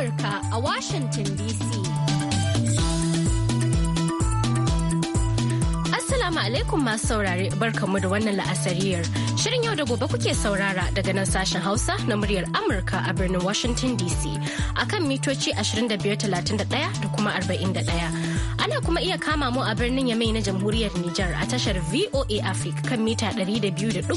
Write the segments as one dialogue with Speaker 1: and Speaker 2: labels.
Speaker 1: Amurka a Washington DC. Assalamu alaikum masu saurare barkamu da wannan la'asariyar. Shirin yau da gobe kuke saurara daga nan sashen Hausa na muryar Amurka a birnin Washington DC a kan mitoci 2531 da kuma 41. Ana kuma iya kama mu a birnin Yamai na Jamhuriyar Nijar a tashar VOA Africa kan mita 200.5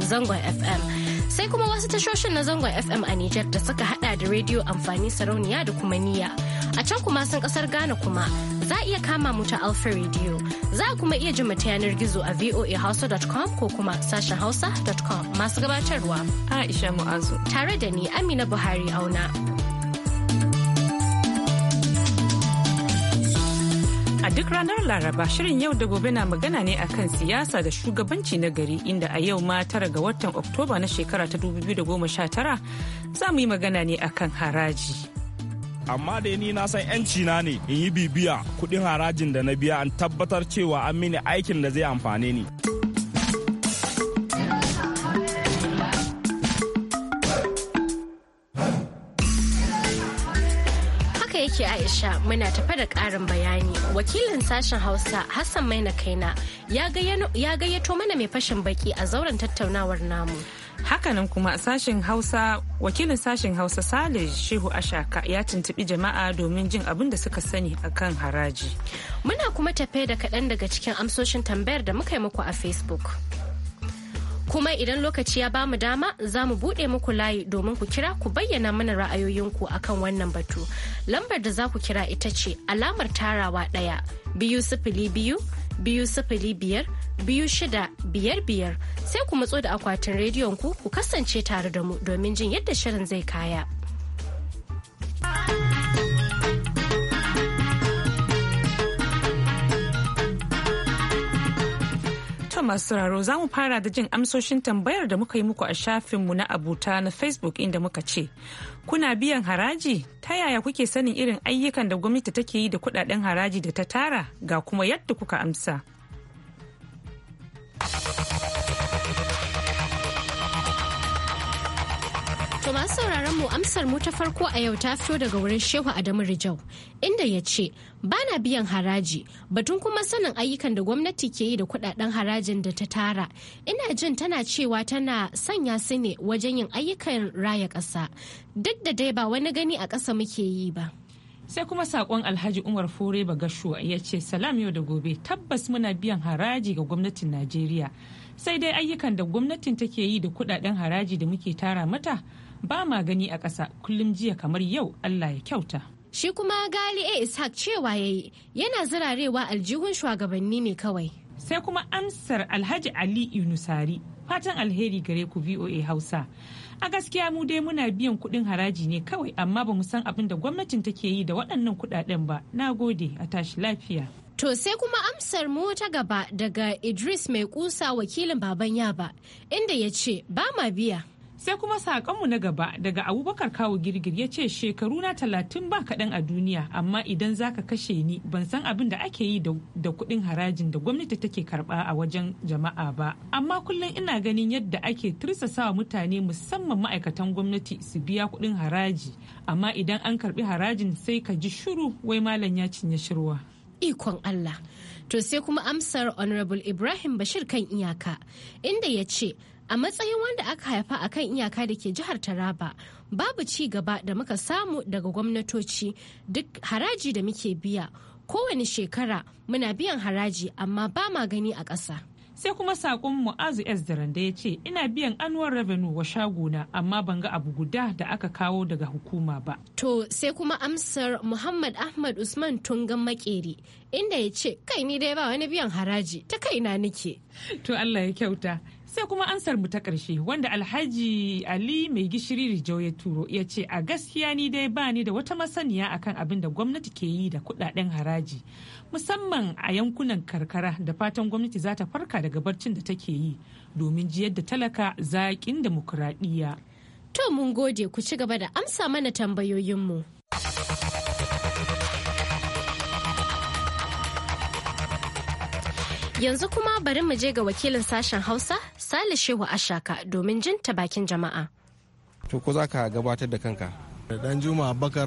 Speaker 1: zangon FM. sai kuma wasu tashoshin na zangon FM a Nijar da suka hada da rediyo amfani sarauniya da kuma niya. A can kuma sun kasar Ghana kuma za a iya kama mu ta Alfa rediyo Za a kuma iya jima ta yanar gizo a voahausa.com ko kuma sashen hausa.com masu gabatarwa. Aisha Mu'azu. Tare da ni Amina Buhari auna.
Speaker 2: A duk ranar Laraba shirin yau da gobe na magana ne akan siyasa da shugabanci na gari inda a yau ma tara ga watan Oktoba na shekara ta 2019 za mu yi magana ne akan haraji.
Speaker 3: amma da ni na san yanci na ne in yi bibiya kudin harajin da na biya an tabbatar cewa an mini aikin da zai amfane ni.
Speaker 1: ke Aisha muna tafa da ƙarin bayani. Wakilin sashen Hausa Hassan Maina Kaina ya gayyato mana mai fashin baki a zauren tattaunawar namu.
Speaker 2: Hakanan kuma sashen Hausa wakilin sashen Hausa sale Shehu Ashaka ya tuntubi jama'a domin jin abin da suka sani akan haraji. Muna kuma tafe da
Speaker 1: kaɗan daga cikin amsoshin tambayar da muka yi muku a Facebook. kuma idan lokaci ya bamu dama za mu buɗe muku layi domin ku kira ku bayyana mana ra'ayoyinku akan wannan batu lambar da za ku kira ita ce alamar tarawa ɗaya biyu sifili biyu biyu sifili biyar biyu shida biyar biyar sai ku matso da akwatin rediyon ku ku kasance tare da mu domin jin yadda shirin zai kaya.
Speaker 2: masu sauraro za mu fara da jin amsoshin tambayar da muka yi muku a shafinmu na abuta na Facebook inda muka ce, kuna biyan haraji ta yaya kuke sanin irin ayyukan da gwamnati take yi da kudaden haraji da ta tara ga kuma yadda kuka amsa.
Speaker 1: To masu sauraron mu amsar mu ta farko a yau ta fito daga wurin Shehu Adamu Rijau inda ya ce bana biyan haraji batun kuma sanin ayyukan da gwamnati ke yi da kudaden harajin da ta tara ina jin tana cewa tana sanya su ne wajen yin ayyukan raya kasa duk da dai ba wani gani a kasa muke yi ba.
Speaker 2: sai kuma sakon alhaji umar fure bagashuwa ya ce salam yau da gobe tabbas muna biyan haraji ga gwamnatin najeriya sai dai ayyukan da gwamnatin take yi da kudaden haraji da muke tara mata ba ma gani a ƙasa kullum jiya kamar yau allah ya kyauta
Speaker 1: shi kuma gali a ishaq cewa ya yi yana zirarewa aljihun shugabanni
Speaker 2: ne kawai sai kuma amsar alhaji ali yunusari fatan alheri gare ku voa hausa a gaskiya mu dai muna biyan kuɗin haraji ne kawai amma ba mu san abin da gwamnatin take yi da waɗannan kuɗaɗen ba na gode a tashi lafiya To sai kuma
Speaker 1: amsar mu ta gaba daga Idris mai kusa wakilin baban yaba inda ya ce
Speaker 2: ba ma biya. sai kuma sakonmu na gaba daga abubakar kawo girgir ya ce shekaru na talatin ba kaɗan a duniya amma idan za ka kashe ni ban san abin da ake yi da kuɗin harajin da gwamnati take karɓa a wajen jama'a ba amma kullum ina ganin yadda ake tirsasawa mutane musamman ma'aikatan gwamnati su biya kuɗin haraji amma idan an karɓi harajin sai ka ji shiru wai malam ya cinye shirwa ikon Allah. To
Speaker 1: sai kuma amsar Honorable Ibrahim Bashir kan iyaka, inda ya ce, a matsayin wanda aka haifa a kan iyaka da ke jihar taraba babu ci gaba da muka samu daga gwamnatoci duk haraji da muke biya kowane shekara muna biyan haraji
Speaker 2: amma ba ma gani a ƙasa sai kuma sakon mu'azu s da ya ce ina biyan annual revenue wa shagona amma ban ga abu guda da aka kawo daga hukuma ba to sai
Speaker 1: kuma amsar muhammad ahmad usman tungan makeri inda ya ce kai ni dai ba
Speaker 2: wani biyan haraji ta kaina nake to allah ya kyauta sai kuma ansar mu ta ƙarshe wanda alhaji ali mai gishiri rijau ya turo ya ce a gaskiya ni dai ba ni da wata masaniya akan abin da gwamnati ke yi da kudaden haraji musamman a yankunan karkara da fatan gwamnati za ta farka daga barcin da take yi domin jiyar da talaka zaƙin demokuraɗiyya.
Speaker 1: to mun gode ku ci gaba da amsa mana tambayoyinmu. Yanzu kuma bari mu je ga wakilin sashen Hausa, Sale Shehu Ashaka domin jin ta bakin jama'a.
Speaker 4: To ko za ka gabatar da kanka? Dan Juma Bakar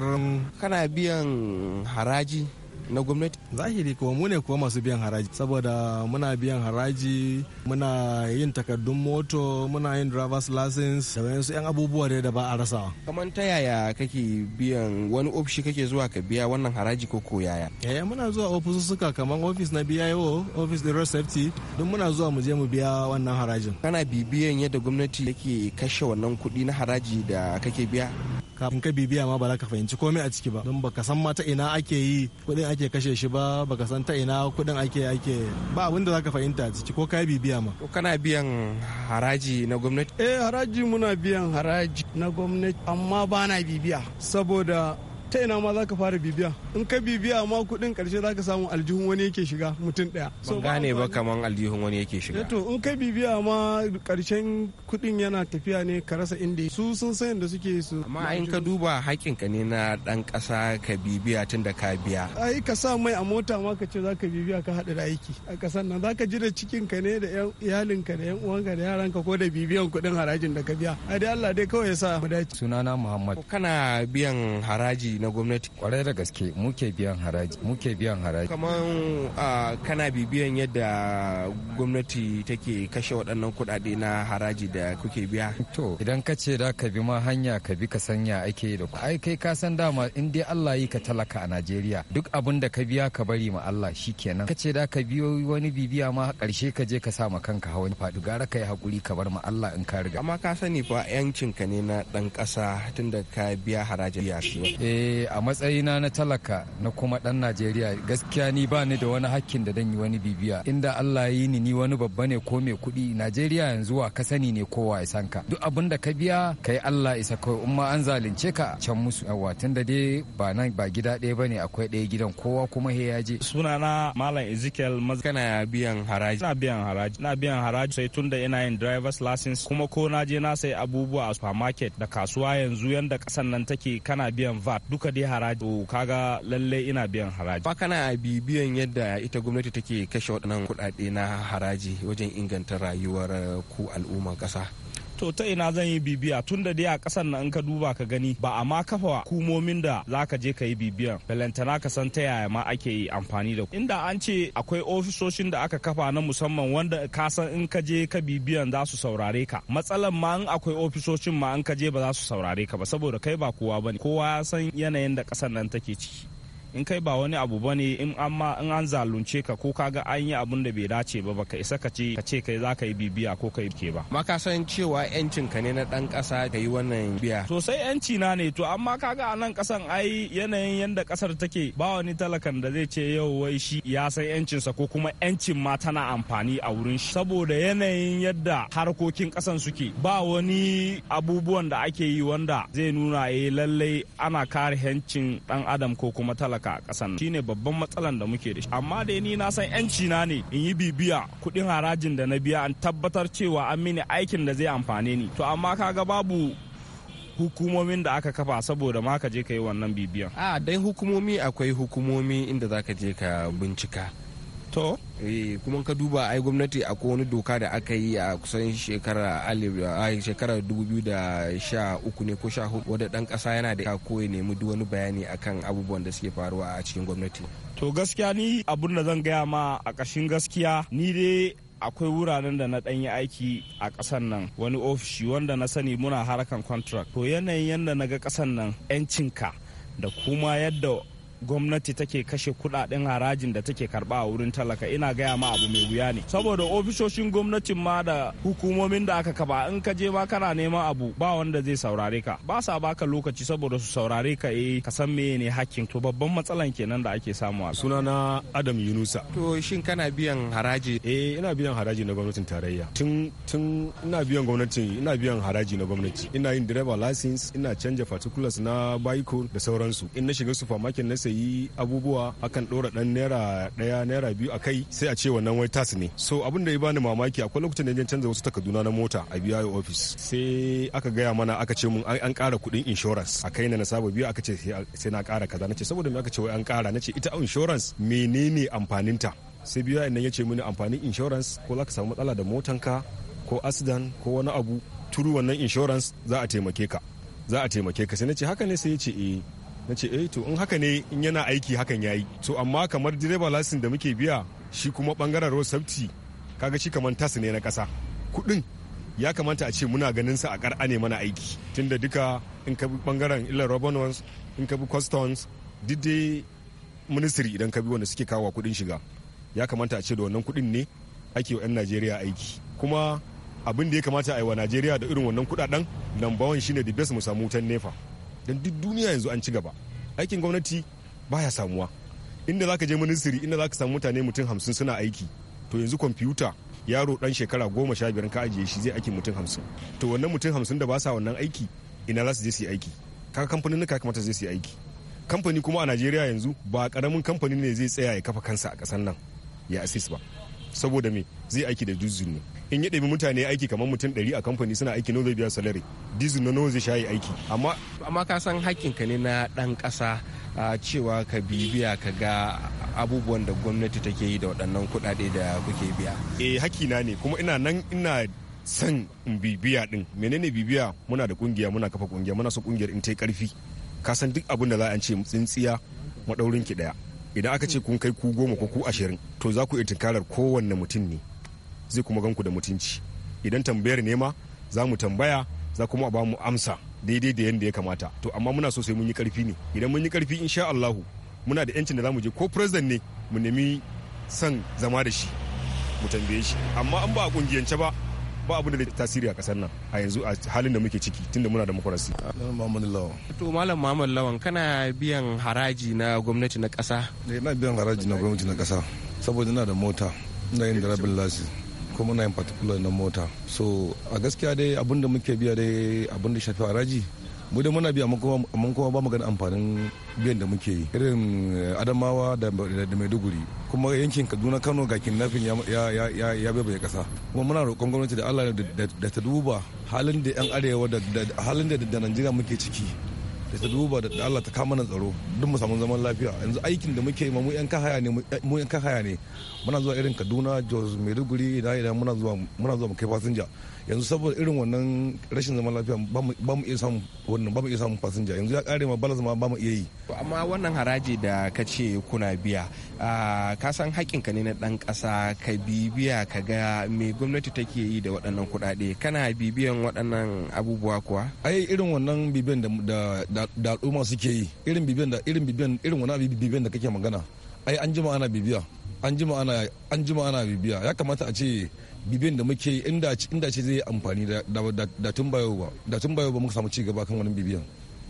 Speaker 4: kana biyan haraji na gwamnati zahiri kuma mu ne kuma masu biyan haraji saboda muna biyan haraji muna yin takardun moto muna yin driver's license da wayansu yan abubuwa da ba a rasawa kamar ta yaya kake biyan wani ofishi kake zuwa ka biya wannan haraji ko ko yaya yaya eh, muna zuwa ofis suka kamar ofis na BIO ofis din safety duk muna zuwa mu je mu biya wannan harajin kana bibiyan yadda gwamnati yake kashe wannan kuɗi na haraji da kake biya kafin ka bibiya ma ba za ka fahimci komai a ciki ba don baka san mata ina ake yi kuɗin ake kashe shi ba baka san ta ina kuɗin ake ake ba abin da zaka fahimta ciki ko kai bibiya ma. Ko kana biyan haraji na gwamnati? Eh haraji muna biyan haraji na gwamnati amma ba na bibiya saboda ta ina ma za ka fara bibiya in ka bibiya ma kuɗin ƙarshe za ka samu aljihun wani yake shiga mutum ɗaya. ban gane ba kaman aljihun wani yake shiga. Eh to in ka bibiya ma ƙarshen kuɗin yana tafiya ne ka rasa inda su sun san da suke su. amma in ka duba haƙƙinka ne na ɗan ƙasa ka bibiya tun da ka biya. ai ka sa mai a mota ma ka ce za ka bibiya ka haɗu da aiki a ƙasar nan za ka ji da cikinka ne da iyalinka da 'yan uwanka da yaranka ko da bibiyan kuɗin harajin da ka biya.
Speaker 5: a dai Allah dai kawai ya sa mu dace. sunana Muhammad. kana biyan haraji na gwamnati kwarai da gaske muke biyan haraji muke biyan haraji
Speaker 4: kaman kana bibiyan yadda gwamnati take kashe waɗannan kuɗaɗe na haraji da kuke
Speaker 5: biya to idan ka ce da ka bi ma hanya ka bi ka sanya ake da ku ai kai ka san dama in dai Allah yi ka talaka a Najeriya duk abin da ka biya ka bari ma Allah kenan. ka ce da ka biyo wani bibiya ma karshe ka je ka sa ma kanka hawan faɗi gara ka yi hakuri ka bar ma Allah in ka riga amma ka sani fa yancin ka ne na ɗan ƙasa tunda ka biya haraji ya shi eh a matsayina na talaka na kuma dan najeriya gaskiya ni ba ni da wani hakkin da dan yi wani bibiya inda allah yi ni ni wani babba ne ko mai kuɗi najeriya yanzu wa ka sani ne kowa ya san ka duk abin da ka biya kai allah isa kawai in an zalunce ka can musu yawa da dai ba nan ba gida ɗaya bane akwai ɗaya gidan kowa kuma he ya je sunana
Speaker 3: malam ezekiel maza. kana biyan haraji na biyan haraji na biyan haraji sai da ina yin driver's license kuma ko na je na sai abubuwa a supermarket da kasuwa yanzu yanda kasan nan take kana biyan vat duka dai haraji kaga lalle ina biyan haraji fa kana bibiyan yadda ita gwamnati take
Speaker 4: kashe waɗannan kuɗaɗe na haraji wajen inganta rayuwar eh, ku al'umman ƙasa
Speaker 3: to ta ina zan yi bibiya tun da dai a kasan nan in ka duba ka gani ba a ma kafa hukumomin da za ka je ka yi bibiyan balantana ka san ta yaya ma ake yi amfani da ku. inda an ce akwai ofisoshin da aka kafa na musamman wanda ka san in ka je ka bibiyan za su saurare ka matsalan ma in akwai ofisoshin ma in ka je ba za su saurare ka ba saboda kai ba kowa bane kowa ya san yanayin da kasan nan take ciki in kai ba wani abu bane in amma in an zalunce ka ko kaga an yi abun da bai dace ba baka isa ka ce ka ce kai za ka yi bibiya ko kai ke ba ka san cewa yancin ka ne na dan kasa ka yi wannan biya to sai yanci na ne to amma kaga a nan kasan ai yanayin yanda kasar take ba wani talakan da zai ce yau wai shi ya san yancinsa ko kuma yancin ma tana amfani a wurin shi saboda yanayin yadda harkokin kasan suke ba wani abubuwan da ake yi wanda zai nuna eh lallai ana kare yancin dan adam ko kuma talaka haka a ƙasan shine babban matsalan da muke da shi amma dai ni na san yanci na ne in yi bibiya kuɗin harajin da na biya an tabbatar cewa an mini aikin da zai amfane ni to amma kaga babu hukumomin da aka kafa saboda ma ka je ka yi wannan bibiyan a dai hukumomi akwai hukumomi inda za ka je ka bincika to
Speaker 4: eh, kuma ka duba ai gwamnati akwai wani doka da aka yi a kusan shekara alif shekara 2013 ne ko 14 wadda dan kasa yana da ko ya nemi duk wani bayani
Speaker 3: akan abubuwan da suke faruwa a cikin gwamnati to gaskiya ni abun da zan gaya ma a ƙashin gaskiya ni dai akwai wuraren da na dan yi aiki a ƙasan nan wani ofishi wanda na sani muna harakan contract to yanayin yadda na ga ƙasan nan 'yancinka da kuma yadda gwamnati take kashe kudaden harajin da take karba a wurin talaka ina gaya ma abu mai wuya ne saboda ofishoshin gwamnatin ma da hukumomin da aka kaba in ka je ma kana neman abu ba wanda zai saurare ka ba sa baka lokaci saboda su saurare ka eh ka san meye ne hakkin to babban matsalan kenan da ake samu a na Adam Yunusa to shin kana biyan
Speaker 6: haraji eh ina biyan haraji na gwamnatin tarayya tun tun ina biyan gwamnatin ina biyan haraji na gwamnati ina yin driver license ina canja particulars na bicycle da sauransu in na shiga supermarket na sai yi abubuwa akan ɗora dan naira ɗaya naira biyu a kai sai a ce wannan wai tas ne so abin da ya bani mamaki akwai lokacin da canza wasu takarduna na mota a biya ofis sai aka gaya mana aka ce mun an ƙara kuɗin insurance a kai na na saba biyu aka ce sai na ƙara kaza na ce saboda me aka ce wai an kara na ce ita insurance menene amfaninta sai biya nan ya ce mini amfanin insurance ko za ka samu matsala da motanka ko asidan ko wani abu turu wannan insurance za a taimake ka za a taimake ka sai na ce haka ne sai ya ce eh na ce eh to in haka ne in yana aiki hakan ya yi to amma kamar direba lasin da muke biya shi kuma bangaren road safety kaga shi kamar tas ne na kasa kuɗin ya kamata a ce muna ganin sa a kar'a ne mana aiki tunda duka in ka bi bangaren illar robonons in ka bi customs dai ministry idan ka bi wanda suke kawo kuɗin shiga ya kamata a ce da wannan kuɗin ne ake wa 'yan najeriya aiki kuma abin da ya kamata a yi wa najeriya da irin wannan kuɗaɗen lambawan shine the best mu samu wutan nefa dan duk duniya yanzu an ci gaba aikin gwamnati baya samuwa inda zaka je ministry inda zaka samu mutane mutum hamsin suna aiki to yanzu kwamfuta yaro dan shekara goma sha biyar ka ajiye shi zai aikin mutum hamsin to wannan mutum hamsin da ba sa wannan aiki ina za su je su yi aiki kaga kamfanin ka kamata zai su yi aiki kamfani kuma a najeriya yanzu ba karamin kamfani ne zai tsaya ya kafa kansa a kasan nan ya asis ba saboda me zai aiki da diesel ne in ya ɗabi mutane aiki kamar mutum ɗari a kamfani suna aiki nawa
Speaker 4: zai biya salari dizil na nawa zai shayi aiki amma amma ka san ka ne na ɗan ƙasa cewa ka bibiya ka ga abubuwan da gwamnati take yi da waɗannan kuɗaɗe da kuke biya eh hakina ne kuma ina nan ina san bibiya din
Speaker 6: menene bibiya muna da ƙungiya muna kafa ƙungiya muna so ƙungiyar in ta ƙarfi ka san duk abin da za a ce tsintsiya madaurin ki daya idan aka ce kun kai ku goma ko ku ashirin to za ku iya tunkarar kowanne mutum ne zai kuma ganku da mutunci idan tambayar nema za mu tambaya za kuma ba mu amsa daidai da yadda ya kamata to amma muna so sai mun yi karfi ne idan mun yi karfi insha Allahu muna da yancin da za mu je ko president ne mu nemi son zama da shi mu tambaye shi amma an ba a kungiyance ba ba abin da zai tasiri a kasar nan a yanzu
Speaker 4: a halin da muke ciki tunda muna da mafarasi. To Malam Muhammad Lawan kana biyan haraji na gwamnati na kasa?
Speaker 7: Ne eh, ina biyan haraji na gwamnati na kasa saboda ina da mota ina yin driving license kuma na yin particular na mota. So a gaskiya dai abin da muke biya dai abin da shafi haraji mu da muna biya mun kuma ba mu ganin amfanin biyan da muke yi irin eh, adamawa da maiduguri kuma yankin kaduna kano ga kidnapping ya bai kasa kuma muna roƙon gwamnati da allah da ta duba halin da yan arewa da halin da da najeriya muke ciki da ta duba da allah ta kama na tsaro duk mu samu zaman lafiya yanzu aikin da muke ma mu yan kahaya ne mu yan kahaya ne muna zuwa irin kaduna jos maiduguri idan idan muna zuwa muna zuwa mu kai fasinja yanzu saboda irin wannan rashin zaman lafiya ba mu iya samun wannan ba mu iya samun fasinja yanzu ya kare ma balas ma ba mu iya yi
Speaker 4: amma wannan haraji da ka ce kuna biya
Speaker 7: ka san haƙinka ne na ɗan ƙasa ka bibiya ka ga me
Speaker 4: gwamnati take yi da waɗannan kuɗaɗe kana bibiyan waɗannan
Speaker 7: abubuwa kuwa ai irin wannan bibiyan da da al'umma suke yi irin bibiyan da irin bibiyan irin wannan bibiyan da kake magana ai an jima ana bibiya an jima ana an jima ana bibiya ya kamata a ce bibiyan da muke inda inda ce zai amfani da da tun bayo ba da tun bayo ba muka samu cigaba kan wannan bibiyan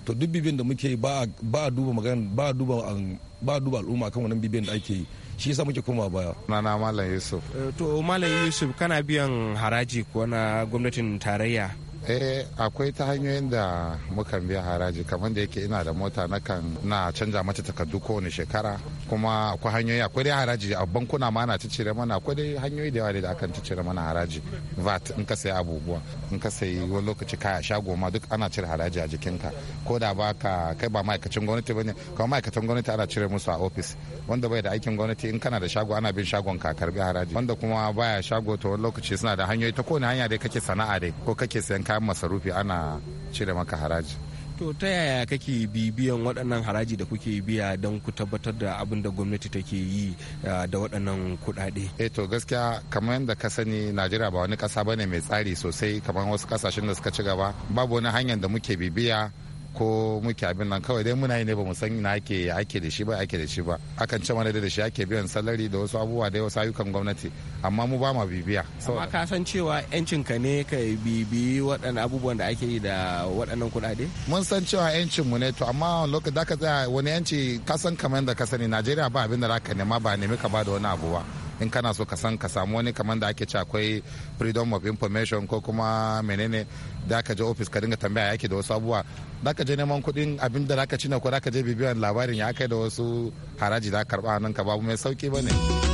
Speaker 7: to duk bibiyan da muke ba ba duba magana ba duba um, ba duba al'umma kan wannan bibiyan da ake yi shi yasa muke koma baya na malam yusuf
Speaker 8: eh, to malam yusuf kana biyan haraji ko na gwamnatin tarayya eh akwai ta hanyoyin da mukan biya haraji kamar da yake ina da mota na kan na canja mata takardu kowane shekara kuma akwai hanyoyi akwai dai haraji a bankuna ma ana cire mana akwai dai hanyoyi da yawa da akan cire mana haraji vat in ka sayi abubuwa in ka sayi wani lokaci kaya shago ma duk ana cire haraji a jikinka ko da ba ka kai ba ma'aikacin gwamnati bane kuma ma'aikatan gwamnati ana cire musu a ofis wanda bai da aikin gwamnati in kana da shago ana bin shagon ka karbi haraji wanda kuma baya shago to wani lokaci suna da hanyoyi ta kowane hanya dai kake sana'a dai ko kake sayan kayan masarufi ana cire maka haraji
Speaker 4: to ta yaya kake bibiyan waɗannan haraji da kuke biya don ku tabbatar da abin da gwamnati take yi ah, da waɗannan kuɗaɗe
Speaker 8: eh to gaskiya kamar yadda ka sani najeriya ba wani ƙasa bane mai tsari sosai kamar wasu ƙasashen da suka ci gaba babu wani hanyar da muke bibiya ko muke abin nan kawai dai muna yi ne ba mu san ina ake ake da shi ba ake da shi ba akan ce mana da shi ake biyan salari da wasu abubuwa da wasu ayyukan gwamnati amma mu ba ma bibiya amma
Speaker 4: ka san cewa yancin ka ne ka bibi waɗannan
Speaker 8: abubuwan da ake yi da waɗannan kuɗaɗe mun san cewa yancin mu ne to amma lokacin da ka tsaya wani yanci ka san kamar da ka sani Najeriya ba abin da za ka nema ba nemi ka ba da wani abu ba in kana so ka san ka samu wani kamar da ake ce akwai freedom of information ko kuma menene da ka je ofis ka dinga tambaya yake da wasu abubuwa da ka je neman kudin abin da ka ci na ko da ka je bibiyan labarin ya kai da wasu haraji da karba nan ka babu mai sauki bane. ne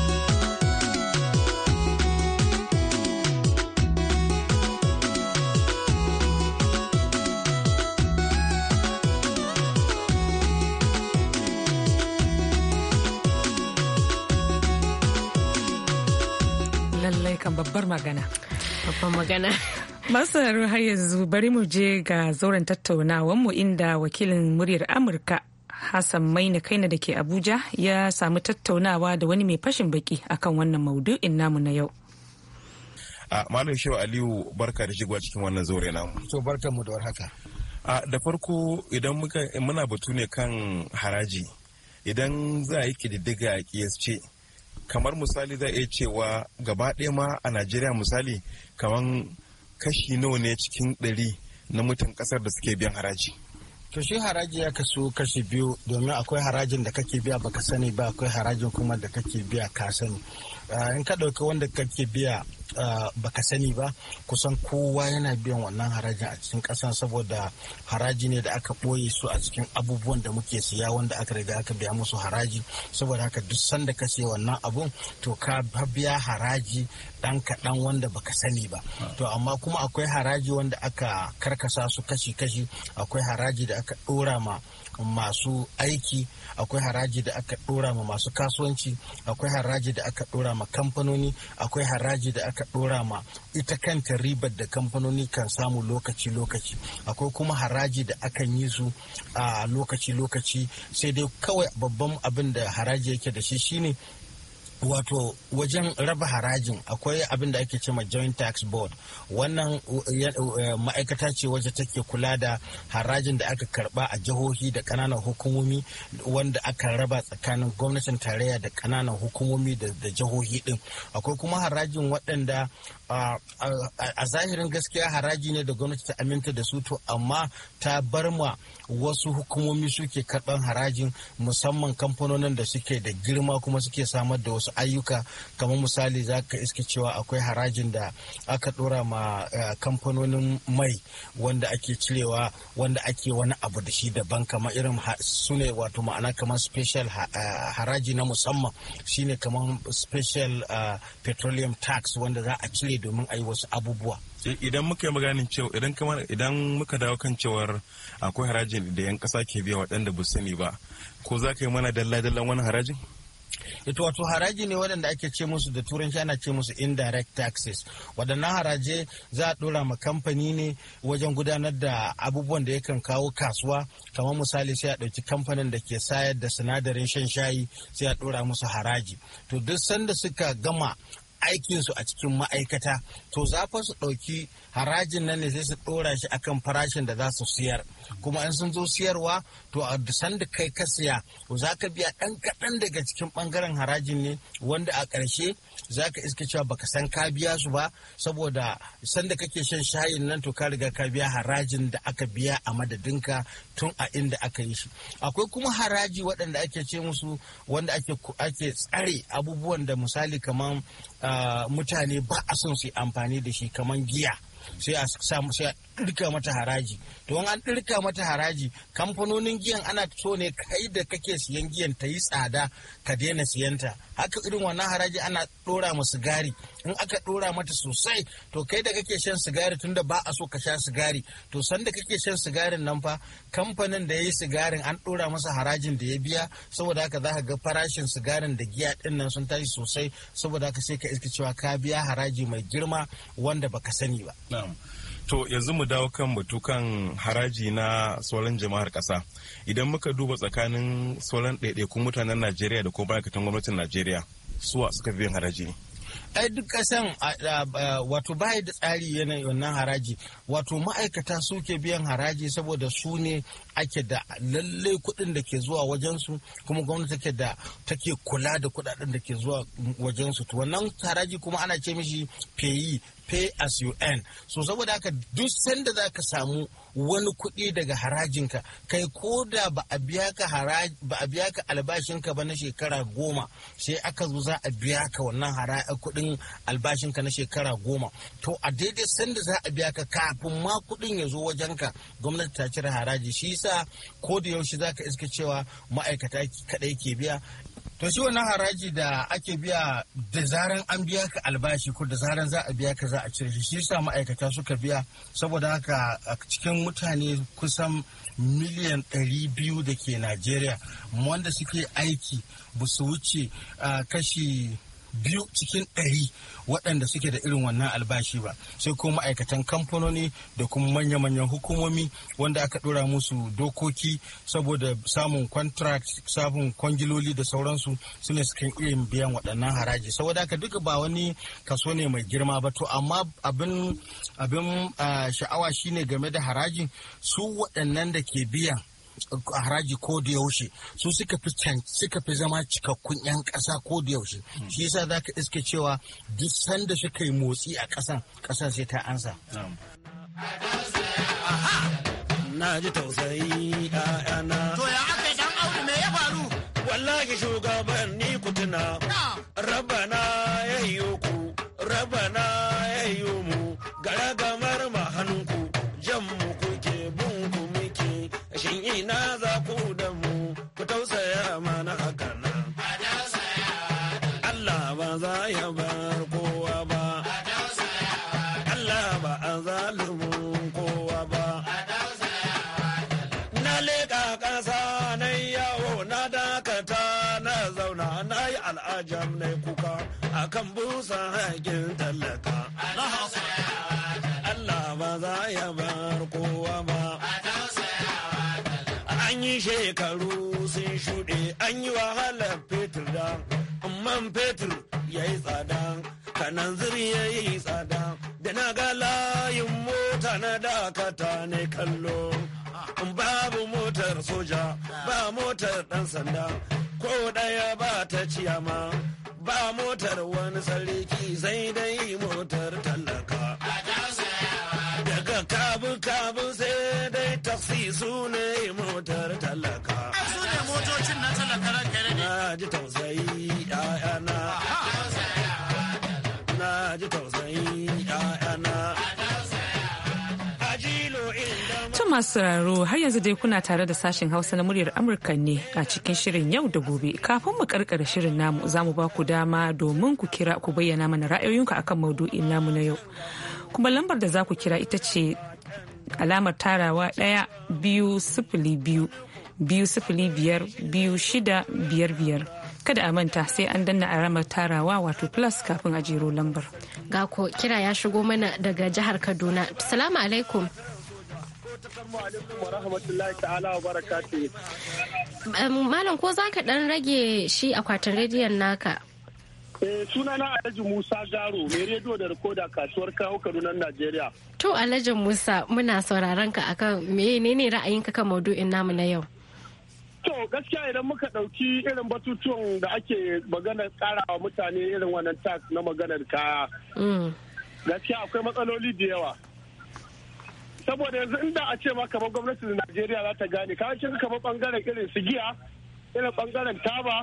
Speaker 2: lallai kan babbar magana babbar magana masu har yanzu bari mu je ga zauren mu inda wakilin muryar amurka Hassan Maina Kaina da ke Abuja ya samu tattaunawa da wani mai fashin baki akan wannan maudu'in namu na yau.
Speaker 5: A Malam Shehu Aliyu barka da shigowa cikin wannan zore namu.
Speaker 2: To barka mu da warhaka.
Speaker 5: A da farko idan muka muna batu ne kan haraji idan za a yi kididdiga a kiyasce kamar misali za iya cewa gaba ɗaya ma a najeriya misali kamar kashi nawa ne cikin ɗari na mutan ƙasar da suke biyan haraji to shi haraji ya kasu kashi biyu domin
Speaker 9: akwai harajin da kake biya baka sani ba akwai harajin kuma da kake biya ka sani Ah, in ka ɗauki wanda kake biya ah, baka sani ba kusan kowa yana biyan wannan harajin a cikin ƙasa saboda haraji ne da aka ɓoye su a cikin abubuwan da muke siya wanda aka riga aka biya musu haraji saboda haka duk sanda ka siya wannan abun to ka biya haraji ɗan kaɗan wanda baka sani ba to amma kuma akwai haraji wanda aka karkasa su kashi-kashi akwai haraji da aka ɗora ma masu aiki akwai haraji da aka dora ma masu kasuwanci akwai haraji da aka dora ma kamfanoni akwai haraji da aka dora ma ita kanta ribar da kamfanoni kan samu lokaci-lokaci akwai kuma haraji da akan yi su a lokaci-lokaci sai dai kawai babban abin da haraji yake da shi shine wato wajen raba harajin akwai abin da ake ce ma joint tax board wannan eh, eh, ma'aikata ce wajen take kula da harajin da aka karba a jihohi da kananan hukumomi wanda aka raba tsakanin gwamnatin tarayya da kananan hukumomi da jihohi din akwai kuma harajin waɗanda Ah, a zahirin gaskiya haraji ne da gwamnati ta aminta da su to amma ta bar ma wasu hukumomi suke karɓar harajin musamman kamfanonin da suke da girma kuma suke samar da wasu ayyuka kamar misali za ka iske cewa akwai harajin da aka ɗora ma eh, kamfanonin mai wanda ake cirewa wanda ake wani abu da shi daban kamar irin su ne wato ma'ana kamar special eh, haraji na musamman shine kamar special eh, petroleum tax wanda za a cire domin a yi wasu abubuwa
Speaker 5: eh, idan muka yi maganin cewa idan kamar idan muka dawo kan cewar akwai harajin da yan kasa ke biya waɗanda ba sani ba ko za ka yi mana dalla-dallan wani harajin
Speaker 9: ita eh, wato haraji ne waɗanda ake ce musu da turanci ana ce musu indirect taxes waɗannan haraje za a ɗora ma kamfani ne wajen gudanar da abubuwan da yakan kawo kasuwa kamar misali sai a ɗauki kamfanin da ke sayar da sinadarin shan shayi sai a ɗora musu haraji to duk sanda suka gama aikinsu a cikin ma'aikata to za fa su ɗauki harajin nan ne sai su ɗora shi akan farashin da za su siyar kuma in sun zo siyarwa to a dusan da kai ka siya za ka biya ɗan kaɗan daga cikin ɓangaren harajin ne wanda a ƙarshe za ka iska cewa baka san ka biya su ba saboda sanda kake shan shayin nan to ka riga ka biya harajin da aka biya a madadinka tun a inda aka yi shi akwai kuma haraji waɗanda ake ce musu wanda ake ake tsare abubuwan da misali kaman ah, mutane ba a son su yi amfani da shi kaman giya sai a ɗirka mata haraji to an ɗirka mata haraji kamfanonin giyan ana so ne kai da kake siyan giyan ta yi tsada ka daina siyanta haka irin wannan haraji ana ɗora ma sigari in aka ɗora mata sosai to kai da kake shan sigari tunda ba a so ka sha sigari to sanda kake shan sigarin nan fa kamfanin da ya yi sigarin an ɗora masa harajin da ya biya saboda haka za ka ga farashin sigarin da giya ɗin nan sun tashi sosai saboda haka sai ka iska cewa ka biya haraji mai girma wanda baka sani ba.
Speaker 5: To yanzu mu dawo kan batukan haraji na sauran jama'ar ƙasa. Idan muka duba tsakanin sauran ɗaiɗaikun mutanen Najeriya da kuma ma'aikatan gwamnatin Najeriya, suwa suka fi yin haraji ne.
Speaker 9: ai duk kasan wato bai da tsari yanayi wannan haraji wato ma'aikata suke biyan haraji saboda su ne ake da lallai kuɗin da ke zuwa wajensu kuma gwamnati take da take kula da kuɗaɗen da ke zuwa wajensu to wannan haraji kuma ana ce mishi peyi pay as you earn so saboda haka duk sanda za ka samu wani kuɗi daga harajinka kai ko da ba a biya ka ba ka albashinka ba na shekara goma sai aka zo za a biya ka wannan kuɗin cikin ka na shekara goma to a daidai sanda za a biya ka kafin ma kuɗin ya zo wajen ka gwamnati ta cire haraji shi yasa ko da yaushe za ka iska cewa ma'aikata kadai ke biya To shi wannan haraji da ake biya da zaran an biya ka albashi ko da zaran za a biya ka za a cire shi shi yasa ma'aikata suka biya saboda haka cikin mutane kusan miliyan ɗari biyu da ke Najeriya wanda suke aiki ba su wuce kashi biyu cikin ɗari waɗanda suke da irin wannan albashi ba sai kuma ma'aikatan kamfanoni da kuma manya-manyan hukumomi wanda aka ɗora musu dokoki saboda samun contract samun kwangiloli da sauransu su ne sukan iya biyan waɗannan haraji saboda haka duka ba wani kaso ne mai girma ba to amma abin abin ah, sha'awa shine game da harajin su waɗannan da ke biyan haraji ko da yaushe su suka fi suka fi zama cikakkun 'yan ƙasa ko da yaushe shi yasa za ka iske cewa duk sanda suka yi motsi a ƙasan ƙasa sai ta ansa.
Speaker 10: Na ji tausayi ‘ya'yana. To ya aka dan auri me ya faru? Wallahi shugaban ni ku tuna. Rabana ya yi ku, rabana ya yi mu. jam na kuka akan busa haƙin tallaka Allah ba za ya bar kowa ba an yi shekaru sun shuɗe an yi wahalar fetur da man fetur ya yi tsada kanan ziri ya yi tsada da na ga layin mota na dakata ne kallo. babu motar soja ba motar ɗan sanda ko ɗaya ba ta ciyama ba motar wani sarki sai dai motar tallaka daga kabu kabu sai dai taksi su ne motar tallaka su ne motocin na ne
Speaker 2: masu sauraro har yanzu dai kuna tare da sashen Hausa na muryar Amurka ne a cikin shirin yau da gobe. Kafin mu karkara shirin namu za mu ba ku dama domin ku kira ku bayyana mana ra'ayoyinku akan maudu'in namu na yau. Kuma lambar da za ku kira ita ce alamar tarawa ɗaya biyu sifili biyu biyu sifili biyar biyu shida biyar biyar kada a manta sai an danna alamar tarawa wato plus kafin a jero lambar
Speaker 1: ga ko kira ya shigo mana daga jihar kaduna salamu alaikum Malam ko za ka ɗan rage shi akwatin rediyon naka?
Speaker 11: Eh, sunana Alhaji Musa Garo, mai rediyo da rikoda kasuwar kawo Kaduna Najeriya.
Speaker 1: To Alhaji Musa muna sauraron ka akan menene ra'ayinka kan maudu'in namu na yau?
Speaker 11: To gaskiya idan muka ɗauki irin batutuwan da ake magana karawa mutane irin wannan tax na maganar kaya. Mm. Gaskiya akwai matsaloli da yawa. saboda yanzu inda a ce maka ba gwamnatin najeriya za ta gane kawai kin kama bangaren irin su giya irin bangaren taba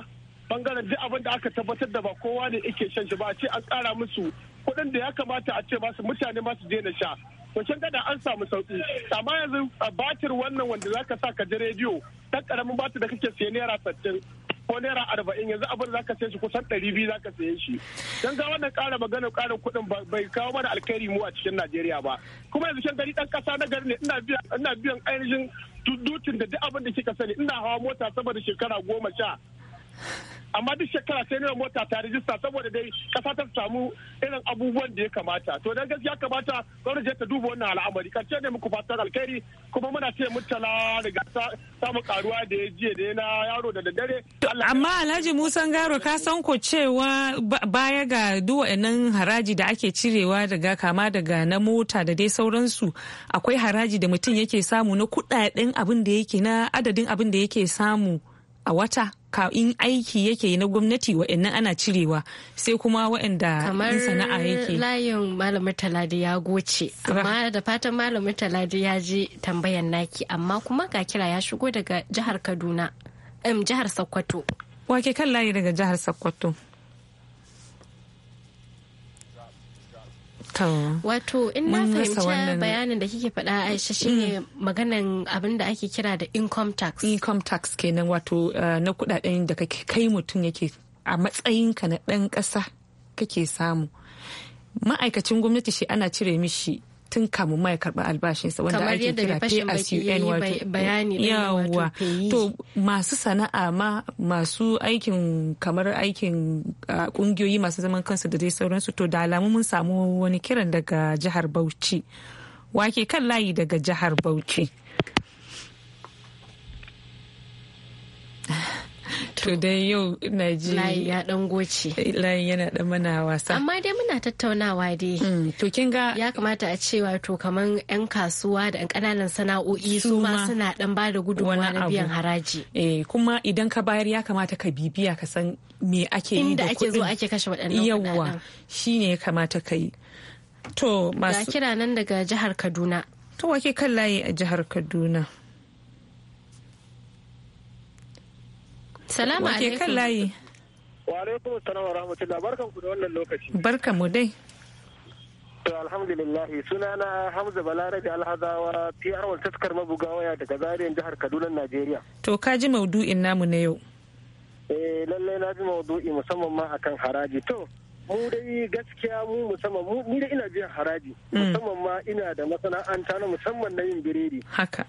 Speaker 11: bangaren duk abin da aka tabbatar da ba kowa ne yake shan shi ba a ce an kara musu kuɗin da ya kamata a ce masu mutane masu na sha to kin gada an samu sauki amma yanzu a batir wannan wanda zaka sa ka ji rediyo ta karamin batir da kake siya naira sittin. ko naira arba'in yanzu abin za ka sai shi kusan ɗari biyu za ka saye shi don ga wannan ƙara magana ƙarin kuɗin bai kawo mana alkhairi mu a cikin najeriya ba kuma yanzu shan gari ɗan ƙasa na gari ne ina biyan ainihin dutsen da duk abin da kika sani ina hawa mota saboda shekara goma sha amma duk shekara sai nuna mota ta rijista saboda dai kasa ta samu irin abubuwan da ya kamata to dan gaskiya kamata gwamnati ta duba wannan al'amari karshe ne muku fatan alkhairi kuma muna ce mutala daga samu karuwa da ya jiya da na yaro da daddare
Speaker 2: amma Alhaji Musa Garo ka san ko cewa baya ga duk waɗannan haraji da ake cirewa daga kama daga na mota da dai sauransu akwai haraji da mutum yake samu na kudaden abin da yake na adadin abin da yake samu a wata in aiki yake na gwamnati wa'annan ana cirewa sai kuma wa'anda in sana'a yake kamar
Speaker 1: layin malamin taladi ya goce amma da fatan malamin taladi ya je tambayan naki amma kuma ga kira ya shigo daga jihar kaduna jihar
Speaker 2: sokoto wake kan layi daga jihar sokoto
Speaker 1: Wato in na fahimci bayanin da kike faɗa Aisha
Speaker 2: shine mm. maganan abin da ake kira da income tax. Income tax kenan wato eh, na kudaden da kai mutum yake a matsayinka na ɗan ƙasa kake samu. Ma'aikacin gwamnati shi ana cire mishi tun kamun ma ya karbi albashinsa wanda ake kira PSUN wato yawa e. to masu sana'a ma masu aikin kamar aikin kungiyoyi masu zaman kansu da dai sauransu to da alamu mun samu wani kiran daga jihar Bauchi wake kan layi daga jihar Bauchi to dai yau na ji layi ya dan goce layi yana dan mana wasa amma dai
Speaker 1: muna tattaunawa dai mm, to kin ga ya kamata a ce wato kaman yan kasuwa da yan kananan sana'o'i su ma suna
Speaker 2: dan ba da gudunmawa na biyan haraji eh kuma idan ka bayar ya kamata ka bibiya ka san me ake yi da kuɗin inda ake zo ake kashe waɗannan yawwa shine ya kamata ka yi to masu kira
Speaker 1: nan daga jihar Kaduna to wake kan
Speaker 2: layi a jihar Kaduna Salamu alaikum. kan layi.
Speaker 12: Wa alaikum salam wa rahmatullahi barkan ku da wannan lokaci. Barka mu dai. To alhamdulillah na Hamza Balarabe Alhazawa PR wal taskar mabuga waya daga Zariyan jihar Kaduna Najeriya.
Speaker 2: To ka ji maudu'in namu na yau.
Speaker 12: Eh lallai na ji maudu'i musamman ma akan haraji to. mu dai gaskiya mu musamman mu ni ina biyan haraji mm. musamman ma ina da masana'anta na musamman na yin biredi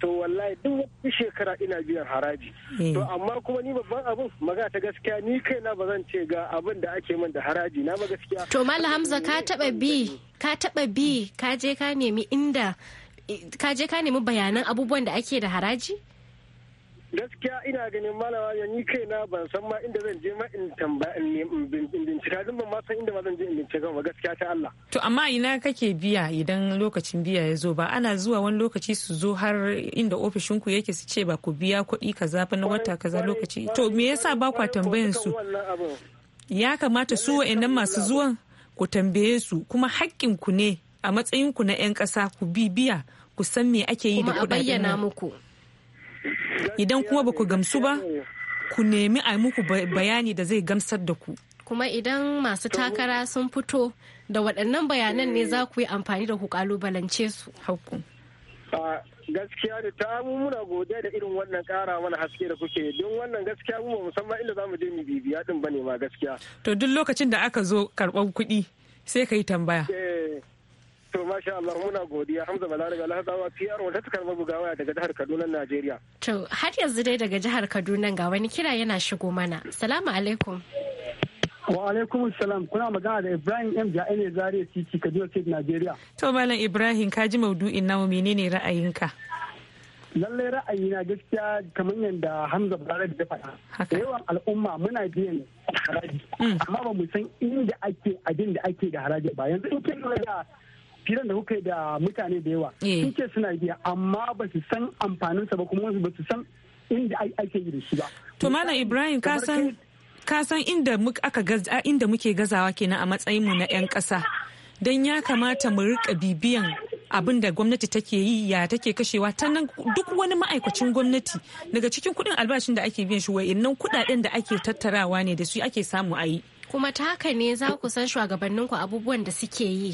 Speaker 12: to wallahi duk wata shekara ina biyan haraji eh. to amma kuma ni babban abin maga ta gaskiya ni na ba zan ce ga abin da ake min da haraji na ba gaskiya to malam hamza ka taba
Speaker 1: bi ka taba bi ka je ka nemi inda ka je ka nemi bayanan abubuwan da ake da haraji
Speaker 12: gaskiya ina ganin malama ya ni kai na ban san ma inda zan je ma in tamba in bincika din ban ma san inda ma zan je in bincika ba gaskiya ta Allah
Speaker 2: to amma ina kake biya idan lokacin biya ya zo ba ana zuwa wani lokaci su zo har inda ofishin ku yake su ce ba ku biya kuɗi kaza fa na wata kaza lokaci to me yasa ba kwa tambayan su ya kamata su wa'annan masu zuwan ku tambaye su kuma haƙƙin ku ne a matsayin ku na 'yan ƙasa ku bi biya ku san me ake yi da kuɗaɗen kuma a bayyana muku idan kuma ba ku gamsu ba ku nemi a muku bayani da zai gamsar da ku
Speaker 1: kuma idan masu takara sun fito da waɗannan bayanan ne za ku yi amfani da ku kalubalance su hauku
Speaker 12: gaskiya da ta muna godiya da irin wannan kara mana haske da kuke don wannan gaskiya mu musamman inda zamu je mu bibiya din bane ma gaskiya
Speaker 2: to duk lokacin da aka zo karɓar kuɗi sai ka yi tambaya
Speaker 12: eh. To masha Allah muna godiya Hamza Balarabe Alhazawa PR wata ta karɓar bugawa daga jihar Kaduna Najeriya.
Speaker 1: To har yanzu dai daga jihar Kaduna ga wani kira yana shigo mana. Salamu alaikum.
Speaker 13: Wa alaikum salam kuna magana da Ibrahim M ja ne Zaria Titi Kaduna State Najeriya.
Speaker 2: To Malam Ibrahim ka ji maudu'in namu menene ra'ayinka?
Speaker 13: lallai na gaskiya kamar yadda hamza balarabe ya faɗa da yawan al'umma muna biyan haraji mm. amma ba mu san inda ake abin da ake da haraji ba yanzu in kin da firan da kuka yi da mutane da yawa eh. sun ce suna biya amma ba su san amfaninsa ba kuma ba su san inda ake yi da shi ba.
Speaker 2: To Malam Ibrahim ka san inda muke gazawa kenan a matsayin mu na 'yan kasa Don ya kamata mu rika bibiyan abin da gwamnati take yi ya take kashewa ta nan duk wani ma'aikacin gwamnati daga cikin kuɗin albashin da ake biyan shi nan kuɗaɗen da ake tattarawa ne da su ake samu a yi.
Speaker 1: Kuma ta haka ne za ku san shugabanninku abubuwan da suke yi.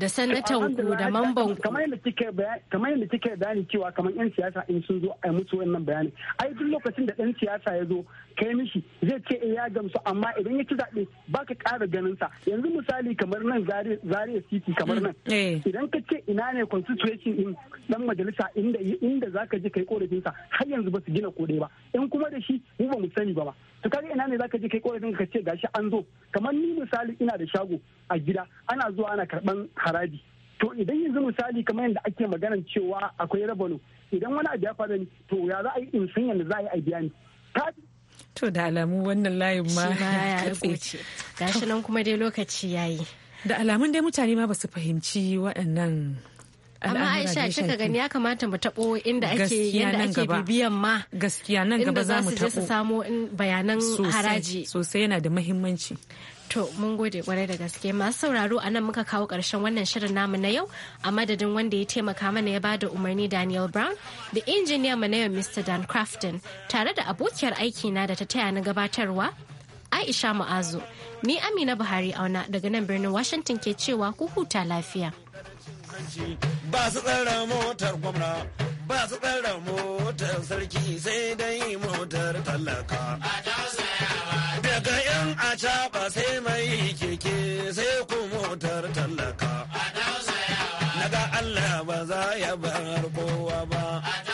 Speaker 1: da sanatan ku da mamban ku kamar yadda kike
Speaker 13: bayani cewa kamar yan siyasa in sun zo a musu wannan bayani ai duk lokacin da dan siyasa ya zo kai mishi zai ce eh, ya gamsu amma idan ya ci zaɓe ba ka ƙara ganin sa yanzu misali kamar nan zaria city kamar mm, nan eh. idan ka ce ina ne constitution din dan majalisa inda inda zaka je kai korafin sa har yanzu ba su gina kodai ba in kuma da shi mu ba mu sani ba ba to kaga ina ne zaka je kai korafin ka ce gashi an zo kamar ni misali ina da shago a gida ana zuwa ana karban haraji to idan yanzu misali kamar yadda ake maganar cewa akwai rabano idan wani abu ya faru to ya za a yi in san yadda za a yi a biya ni
Speaker 1: To da alamu wannan layin ma ya Ga shi nan kuma dai lokaci yayi.
Speaker 2: Da alamun dai mutane ma ba su fahimci waɗannan
Speaker 1: amma aisha kika gani ya kamata mu tabo inda ake yadda ake bibiyan
Speaker 2: ma gaskiya nan gaba za mu je su samo
Speaker 1: bayanan haraji
Speaker 2: sosai yana da mahimmanci.
Speaker 1: To mun gode kwarai da gaske masu sauraro a nan muka kawo ƙarshen wannan shirin namu na yau a madadin wanda ya taimaka mana ya bada umarni Daniel Brown da injiniya mu na yau Mr. Dan Crafton tare da abokiyar aiki na da ta taya na gabatarwa Aisha Mu'azu ni Amina Buhari auna daga nan birnin Washington ke cewa ku huta lafiya.
Speaker 10: hukunci ba su tsara motar gwamna ba su tsara motar sarki sai dai motar talaka daga yan acaba sai mai keke sai ku motar talaka naga Allah ba za ya bar kowa ba